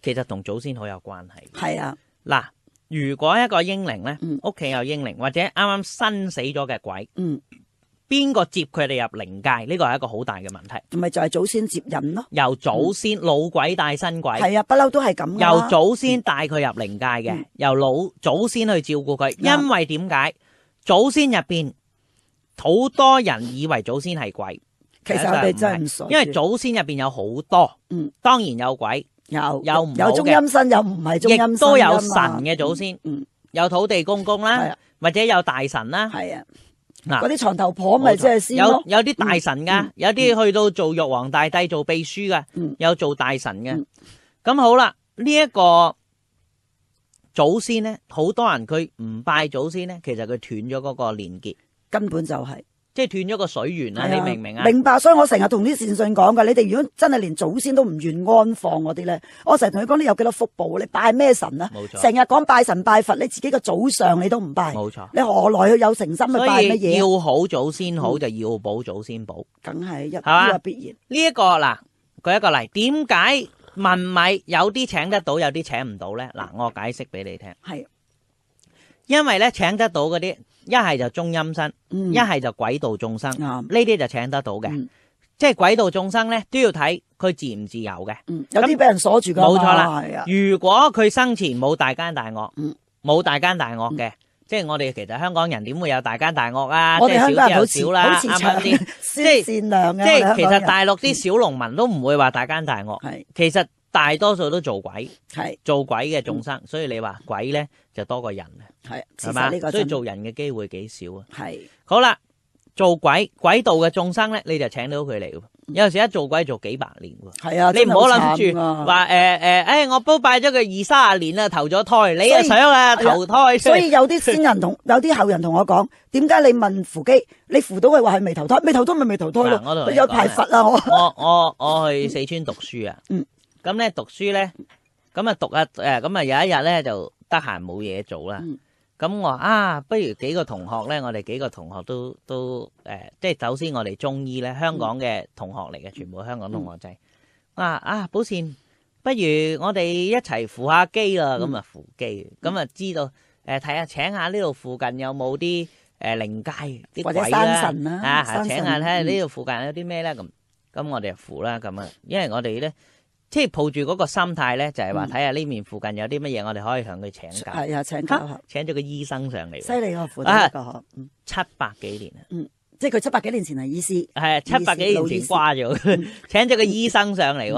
其實同祖先好有關係。係啊，嗱。如果一個英靈咧，屋企有英靈，或者啱啱新死咗嘅鬼，邊個、嗯、接佢哋入靈界？呢個係一個好大嘅問題。咪就係祖先接引咯，由祖先、嗯、老鬼帶新鬼，係啊，不嬲都係咁。由祖先帶佢入靈界嘅，嗯、由老祖先去照顧佢。嗯、因為點解？祖先入邊好多人以為祖先係鬼，其實我哋真係唔係。因為祖先入邊有好多，嗯、當然有鬼。有有唔有中陰身，又唔係中陰身，亦都有神嘅祖先。嗯，有土地公公啦，或者有大神啦。係啊嗱，嗰啲床頭婆咪即係先咯。有有啲大神㗎，有啲去到做玉皇大帝做秘書㗎，有做大神嘅。咁好啦，呢一個祖先咧，好多人佢唔拜祖先咧，其實佢斷咗嗰個連結，根本就係。即係斷咗個水源啦，的你明唔明啊？明白，所以我成日同啲善信講㗎，你哋如果真係連祖先都唔願安放嗰啲咧，我成日同佢講，你有幾多福報，你拜咩神啊？冇錯錯，成日講拜神拜佛，你自己個祖上你都唔拜，冇錯錯，你何來去有誠心去拜乜嘢？要好祖先好，嗯、就要保祖先保，梗係一呢個必然。呢一、這個嗱，舉一個例，點解問米有啲請得到，有啲請唔到咧？嗱，我解釋俾你聽。係。因為咧，請得到嗰啲一係就中陰身，一係就鬼道眾生，呢啲就請得到嘅。即係鬼道眾生咧，都要睇佢自唔自由嘅。有啲俾人鎖住嘅，冇錯啦。如果佢生前冇大奸大惡，冇大奸大惡嘅，即係我哋其實香港人點會有大奸大惡啊？我哋香港人好少啦，即係善良嘅。即係其實大陸啲小農民都唔會話大奸大惡，係其實大多數都做鬼，係做鬼嘅眾生。所以你話鬼咧就多過人。係，係嘛？呢個所以做人嘅機會幾少啊？係好啦，做鬼鬼道嘅眾生咧，你就請到佢嚟。有時一做鬼做幾百年喎，係啊，你唔好諗住話誒誒誒，我都拜咗佢二三十年啦，投咗胎，你又想啊投胎？所以有啲先人同有啲後人同我講，點解你問扶乩，你扶到佢話係未投胎？未投胎咪未投胎咯？有排佛啊！我我我我去四川讀書啊，嗯，咁咧讀書咧，咁啊讀啊誒，咁啊有一日咧就得閒冇嘢做啦。咁我啊，不如幾個同學咧，我哋幾個同學都都誒，即係首先我哋中醫咧，香港嘅同學嚟嘅，全部香港同學仔。啊啊，寶善，不如我哋一齊扶下機啦，咁啊扶機，咁啊知道誒睇下請下呢度附近有冇啲誒靈界啲鬼啦，或者山神啦，啊請下睇下呢度附近有啲咩咧咁，咁我哋扶啦咁啊，因為我哋咧。即係抱住嗰個心態咧，就係話睇下呢面附近有啲乜嘢，我哋可以向佢請教。係、嗯、啊，請教。請咗個醫生上嚟。犀利個附近、啊、七百幾年啊。嗯即係佢七百幾年前係醫師，係七百幾年前掛咗，請咗個醫生上嚟，咁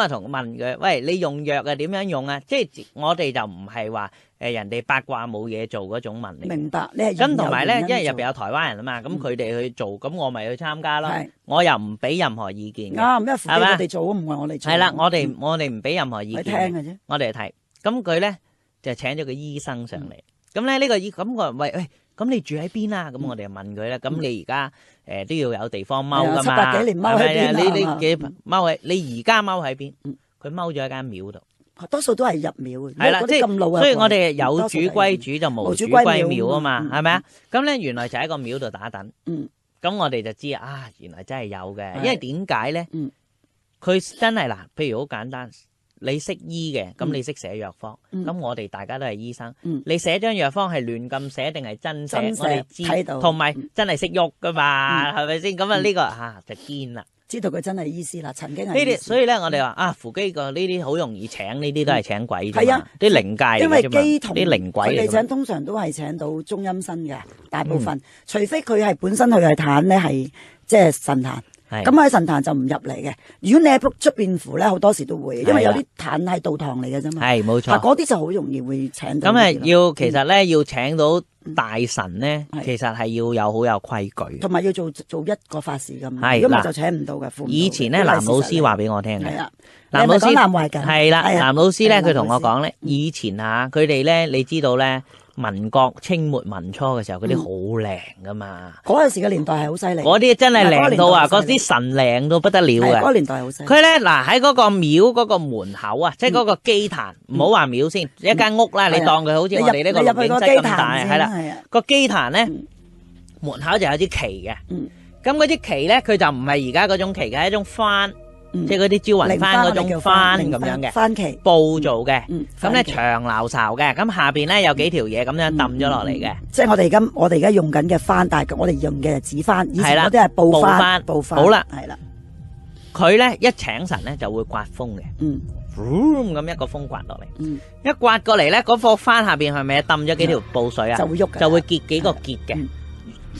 啊同問佢：喂，你用藥嘅點樣用啊？即係我哋就唔係話誒人哋八卦冇嘢做嗰種問嚟。明白，你係咁同埋咧，因為入邊有台灣人啊嘛，咁佢哋去做，咁我咪去參加咯。係，我又唔俾任何意見嘅。啱，因為負責佢哋做，唔係我哋。係啦，我哋我哋唔俾任何意見嘅，我哋嚟聽嘅啫，我哋嚟睇。咁佢咧就請咗個醫生上嚟，咁咧呢個醫咁個喂喂。咁你住喺邊啦？咁我哋就問佢啦。咁你而家誒都要有地方踎噶嘛？嗯、百幾年踎喺邊啊？你你幾踎喺？你而家踎喺邊？佢踎咗一間廟度。在在嗯、多數都係入廟。係啦，即係咁老，所以我哋有主歸主，就冇主歸廟啊嘛？係咪啊？咁咧、嗯，嗯、原來就喺個廟度打躉。嗯。咁我哋就知啊，原來真係有嘅。因為點解咧？佢、嗯、真係嗱，譬如好簡單。你識醫嘅，咁你識寫藥方，咁我哋大家都係醫生。你寫張藥方係亂咁寫定係真寫？真寫，睇到。同埋真係識喐㗎嘛，係咪先？咁啊呢個吓就堅啦。知道佢真係醫師啦，曾經係。呢啲所以咧，我哋話啊，扶乩個呢啲好容易請，呢啲都係請鬼啫啊，啲靈界，因為乩同啲靈鬼你請，通常都係請到中陰身嘅大部分，除非佢係本身佢係壇咧，係即係神壇。咁喺神壇就唔入嚟嘅。如果你喺出邊扶咧，好多時都會，因為有啲壇係道堂嚟嘅啫嘛。係冇錯。嗰啲就好容易會請到。咁啊，要其實咧要請到大神咧，其實係要有好有規矩，同埋要做做一個法事咁。係，咁就請唔到嘅。以前咧，南老師話俾我聽嘅。係啊，南老師講南懷瑾。係啦，南老師咧，佢同我講咧，以前吓佢哋咧，你知道咧。民國清末民初嘅時候，嗰啲好靚噶嘛，嗰陣時嘅年代係好犀利，嗰啲真係靚到啊，嗰啲神靚到不得了啊！嗰個年代好犀利。佢咧嗱喺嗰個廟嗰個門口啊，即係嗰個基壇，唔好話廟先，一間屋啦，你當佢好似我哋呢個面積咁大，係啦，個基壇咧門口就有啲旗嘅，咁嗰啲旗咧佢就唔係而家嗰種旗嘅，係一種幡。即係嗰啲招魂幡嗰種幡咁樣嘅，番旗，布做嘅，咁咧長流巢嘅，咁下邊咧有幾條嘢咁樣揼咗落嚟嘅。即係我哋而家我哋而家用緊嘅幡，但係我哋用嘅係紙幡，以前嗰啲係布幡。布幡好啦，係啦。佢咧一請神咧就會刮風嘅，嗯，咁一個風刮落嚟，一刮過嚟咧，嗰個幡下邊係咪揼咗幾條布水啊？就會喐，就會結幾個結嘅。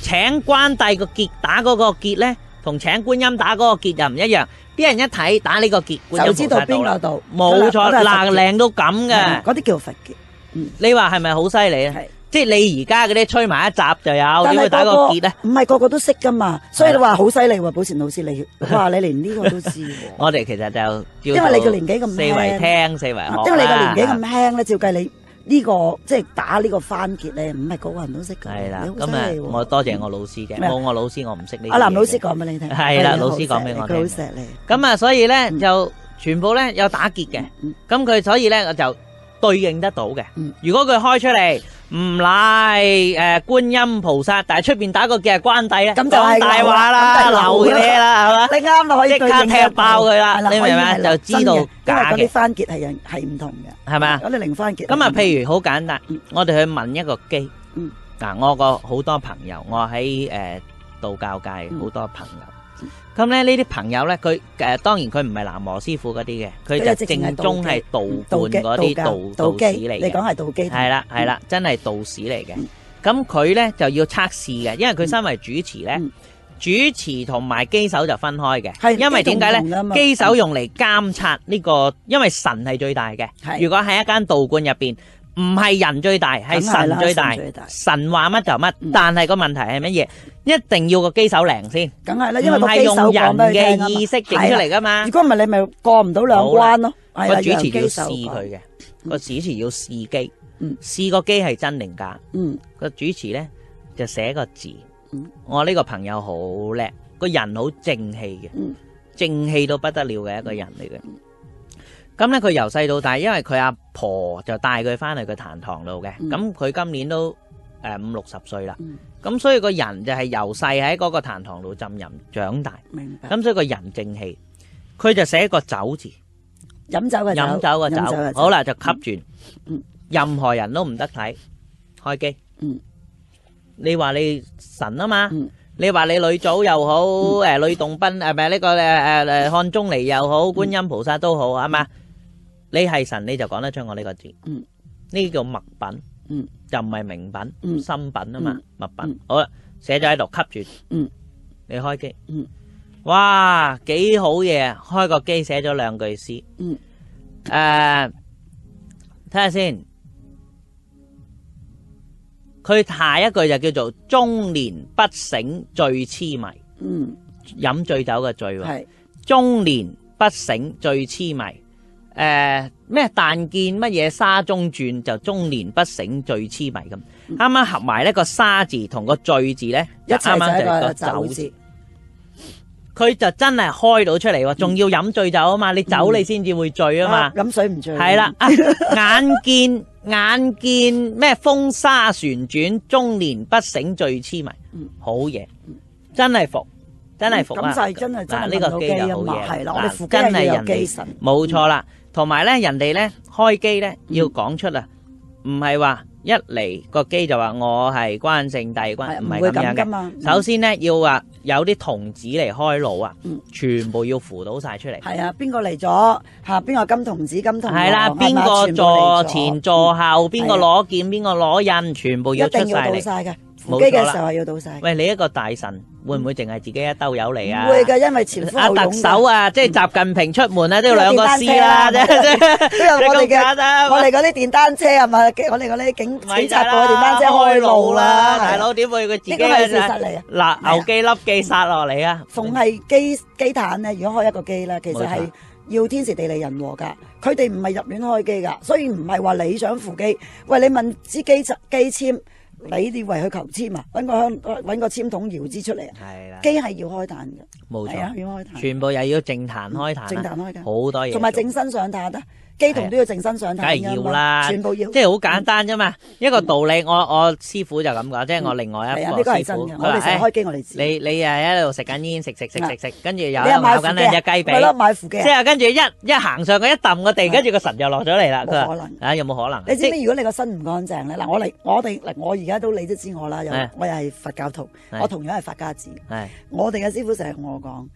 請關帝個結打嗰個結咧。同請觀音打嗰個結又唔一樣，啲人一睇打呢個結，就知道邊個度，冇錯啦，嗱靚到咁嘅，嗰啲叫佛結。你話係咪好犀利啊？即係你而家嗰啲吹埋一集就有，點去打個結咧？唔係個個都識噶嘛，所以你話好犀利喎，寶善老師你。話，你連呢個都知？我哋其實就叫，因為你個年紀咁輕，四圍聽四圍學啦。因為你個年紀咁輕咧，照計你。呢個即係打呢個番結咧，唔係個個人都識嘅。係啦，咁啊，我多謝我老師嘅。冇我老師，我唔識呢。阿林老師講俾你聽。係啦，老師講俾我聽。好錫你。咁啊，所以咧就全部咧有打結嘅。咁佢所以咧我就對應得到嘅。如果佢開出嚟。唔賴誒，觀音菩薩，但係出邊打個嘅關帝咧，講大話啦，流嘢啦，係嘛？你啱啦，可以即刻踢爆佢啦，你明嘛？就知道假嘅。因為嗰啲番結係人係唔同嘅，係咪啊？嗰啲零番結。咁啊，譬如好簡單，我哋去問一個機。嗱，我個好多朋友，我喺誒道教界好多朋友。咁咧呢啲朋友咧，佢誒、呃、當然佢唔係南無師傅嗰啲嘅，佢就正宗係道館嗰啲道道士嚟。你講係道基。係啦，係啦，真係道士嚟嘅。咁佢咧就要測試嘅，因為佢身為主持咧，嗯、主持同埋機手就分開嘅。係是，因為點解咧？機手用嚟監察呢、這個，因為神係最大嘅。係的，如果喺一間道館入邊。唔係人最大，係神最大。神話乜就乜，但係個問題係乜嘢？一定要個機手靈先。梗係啦，因為個機唔係用人嘅意識整出嚟噶嘛。如果唔係，你咪過唔到兩關咯。個主持要試佢嘅，個主持要試機。嗯，試個機係真定假？嗯，個主持咧就寫個字。我呢個朋友好叻，個人好正氣嘅。正氣到不得了嘅一個人嚟嘅。咁咧，佢由細到大，因為佢阿婆就帶佢翻嚟佢壇堂度嘅。咁佢今年都誒五六十歲啦。咁所以個人就係由細喺嗰個壇堂度浸淫長大。明白。咁所以個人正氣，佢就寫個酒字，飲酒嘅酒，飲酒嘅酒。好啦，就吸住，任何人都唔得睇，開機。嗯。你話你神啊嘛？嗯。你話你女祖又好，誒呂洞賓，誒唔係呢個誒誒誒漢鍾離又好，觀音菩薩都好，係嘛？你係神你就講得出我呢個字，呢叫物品，就唔係名品、新品啊嘛，物品。好啦，寫咗喺度吸住，你開機，哇，幾好嘢！開個機寫咗兩句詩，誒、呃，睇下先，佢下一句就叫做中年不醒醉痴迷，飲醉酒嘅醉，中年不醒醉痴迷。誒咩？但見乜嘢沙中轉，就中年不醒醉痴迷咁。啱啱合埋呢個沙字同個醉字咧，一啱啱就個酒字。佢就真係開到出嚟喎，仲要飲醉酒啊嘛！你酒你先至會醉啊嘛，飲水唔醉。係啦，眼見眼見咩風沙旋轉，中年不醒醉痴迷。嗯，好嘢，真係服，真係服啊！咁就真係呢個機好嘢，係啦，我哋服真係人機神，冇錯啦。同埋咧，人哋咧開機咧要講出啊，唔係話一嚟個機就話我係關聖帝君，唔係咁樣嘅。首先咧、嗯、要話有啲童子嚟開路啊，嗯、全部要扶到晒出嚟。係啊，邊個嚟咗吓？邊個金童子？金童係啦，邊個座前座後？邊個攞劍？邊個攞印？全部要出晒嚟。冇機嘅時候要倒晒。喂，你一個大神會唔會淨係自己一兜友嚟啊？唔會嘅，因為前呼後擁特首啊，即係習近平出門啊，都要兩個司機啊，即係都有我哋嘅我哋嗰啲電單車係咪，我哋嗰啲警察部嘅電單車開路啦，大佬點會佢自己咧？嗱，牛機粒機殺落嚟啊！逢係機機壇咧，如果開一個機咧，其實係要天時地利人和噶。佢哋唔係入亂開機噶，所以唔係話你想扶機。喂，你問支機簽機簽？你要為佢求籤啊，揾個香揾個籤筒搖支出嚟，啊，係啦，機係要開壇嘅，冇錯，要開壇，全部又要，嗯，要正壇開壇，正壇開壇，好多嘢，同埋正身上壇得。機同都要淨身上，梗係要啦，全部要，即係好簡單啫嘛。一個道理，我我師父就咁講，即係我另外一個師父。係啊，呢個係真嘅。我哋食開機我嚟煮。你你誒喺度食緊煙，食食食食食，跟住又咬緊隻雞髀。係咯，買副機。即係跟住一一行上，佢一抌個地，跟住個神又落咗嚟啦。佢可能啊，有冇可能？你知唔知如果你個身唔乾淨咧？嗱，我嚟，我哋嗱，我而家都理得知我啦。我又係佛教徒，我同樣係佛家子。係我哋嘅師父成日同我講，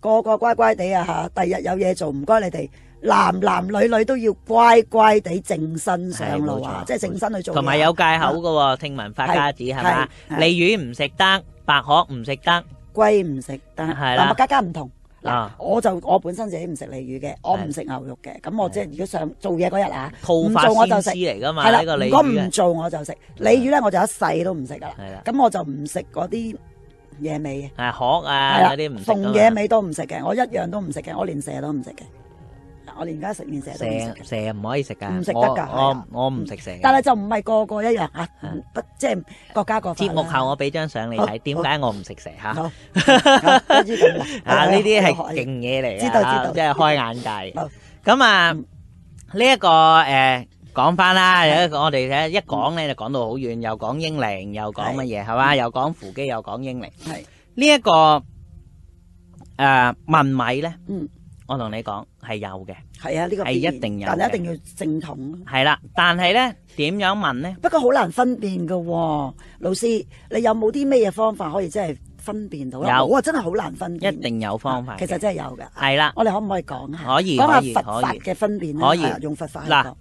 個個乖乖地啊吓，第日有嘢做，唔該你哋。男男女女都要乖乖地正身上路啊！即係正身去做，同埋有戒口噶喎。聽聞發家子係嘛？鯉魚唔食得，白鶴唔食得，龜唔食得。係啦，家家唔同嗱，我就我本身自己唔食鯉魚嘅，我唔食牛肉嘅。咁我即係如果上做嘢嗰日啊，唔做我就食嚟噶嘛。係啦，如果唔做我就食鯉魚咧，我就一世都唔食噶啦。係啦，咁我就唔食嗰啲野味啊，鶴啊嗰啲唔馴野味都唔食嘅，我一樣都唔食嘅，我連蛇都唔食嘅。我而家食麵成蛇蛇唔可以食噶，我我我唔食蛇。但係就唔係個個一樣啊，不即係各家各法。節目後我俾張相你睇，點解我唔食蛇吓？啊呢啲係勁嘢嚟嘅吓，即係開眼界。咁啊呢一個誒講返啦，我哋一講咧就講到好遠，又講英靈，又講乜嘢係嘛，又講扶乩，又講英靈。係呢一個誒問米咧，嗯。我同你講係有嘅，係啊呢個係一定有，但係一定要正統。係啦，但係咧點樣問咧？不過好難分辨噶，老師，你有冇啲咩方法可以即係分辨到咧？有啊，真係好難分辨。一定有方法。其實真係有嘅。係啦，我哋可唔可以講下？可以，可以，可以佛法嘅分辨咧，用佛法嗱。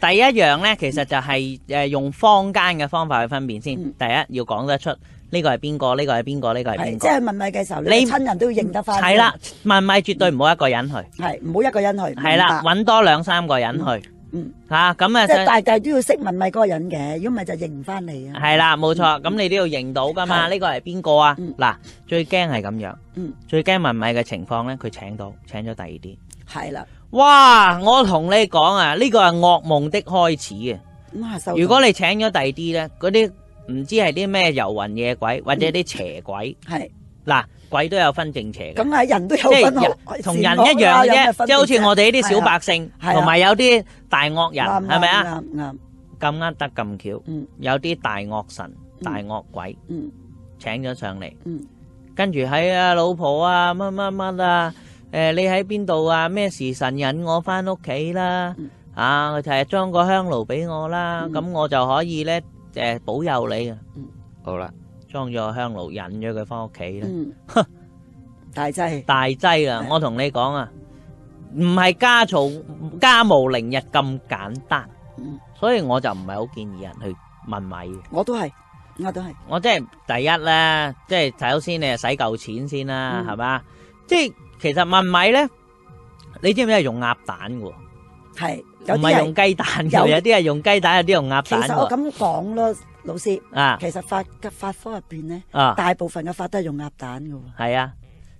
第一樣咧，其實就係誒用坊間嘅方法去分辨先。第一要講得出。呢個係邊個？呢個係邊個？呢個係邊個？即係問米嘅時候，你親人都要認得翻。係啦，問米絕對唔好一個人去。係唔好一個人去。係啦，搵多兩三個人去。嗯。吓咁啊，即係大家都要識問米嗰個人嘅，如果唔係就認唔翻你啊。係啦，冇錯。咁你都要認到噶嘛？呢個係邊個啊？嗱，最驚係咁樣。嗯。最驚問米嘅情況咧，佢請到請咗第二啲。係啦。哇！我同你講啊，呢個係噩夢的開始啊。嗱，如果你請咗第二啲咧，嗰啲。唔知係啲咩遊魂夜鬼，或者啲邪鬼。係嗱，鬼都有分正邪嘅。咁係人都有分，同人一樣啫，即係好似我哋呢啲小百姓，同埋有啲大惡人，係咪啊？咁啱得咁巧，有啲大惡神、大惡鬼，請咗上嚟，跟住喺啊老婆啊乜乜乜啊，誒你喺邊度啊？咩時辰引我翻屋企啦？啊，就係裝個香爐俾我啦，咁我就可以咧。誒，保佑你啊！好啦，裝咗香爐引咗佢翻屋企啦。哼，大劑大劑啦！我同你講啊，唔係家嘈家無寧日咁簡單，所以我就唔係好建議人去問米。我都係，我都係。我即係第一啦，即係首先你係使夠錢先啦，係嘛？即係其實問米咧，你知唔知係用鴨蛋噶？係，有啲係，又有啲係用雞蛋，有啲用鴨蛋。其實我咁講囉，老師，啊，其實法法科入邊咧，啊，大部分嘅法都係用鴨蛋嘅喎。係啊。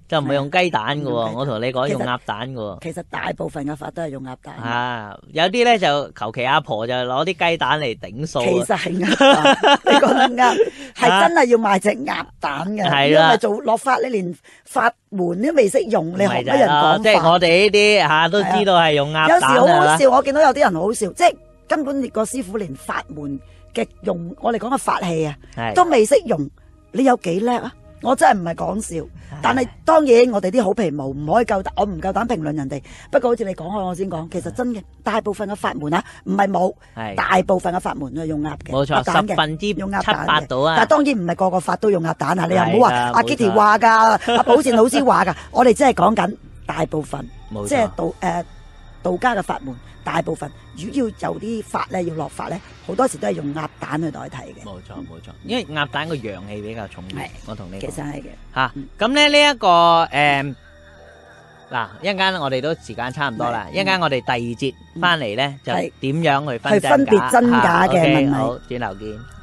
就唔係用雞蛋嘅，我同你講用鴨蛋嘅。其實大部分嘅法都係用鴨蛋。啊，有啲咧就求其阿婆就攞啲雞蛋嚟頂數。其實係鴨蛋，你講得啱，係真係要買隻鴨蛋嘅。係啦，做落法你連法門都未識用，你學乜人講法？即係我哋呢啲吓都知道係用鴨蛋啊。有時好好笑，我見到有啲人好笑，即係根本個師傅連法門嘅用，我哋講嘅法器啊，都未識用，你有幾叻啊？我真係唔係講笑，但係當然我哋啲好皮毛唔可以夠，我唔夠膽評論人哋。不過好似你講開，我先講，其實真嘅大部分嘅法門啊，唔係冇，大部分嘅法門啊是用鴨嘅，冇錯，鴨蛋十分之七,七八到啊。但係當然唔係個個法都用鴨蛋啊，的你又唔好話阿 Kitty 話㗎，阿寶善老師話㗎， *laughs* 我哋真係講緊大部分，即係錯道誒、呃、道家嘅法門。大部分如果要就啲法咧，要落法咧，好多時都係用鴨蛋去代替嘅。冇錯冇錯，因為鴨蛋個陽氣比較重啲。係、嗯，我同你講。其實係嘅。吓、啊，咁咧呢一個誒，嗱、呃，一陣間我哋都時間差唔多啦。一陣間我哋第二節翻嚟咧，嗯、就點樣去分去分別真假嘅問題。好，轉頭見。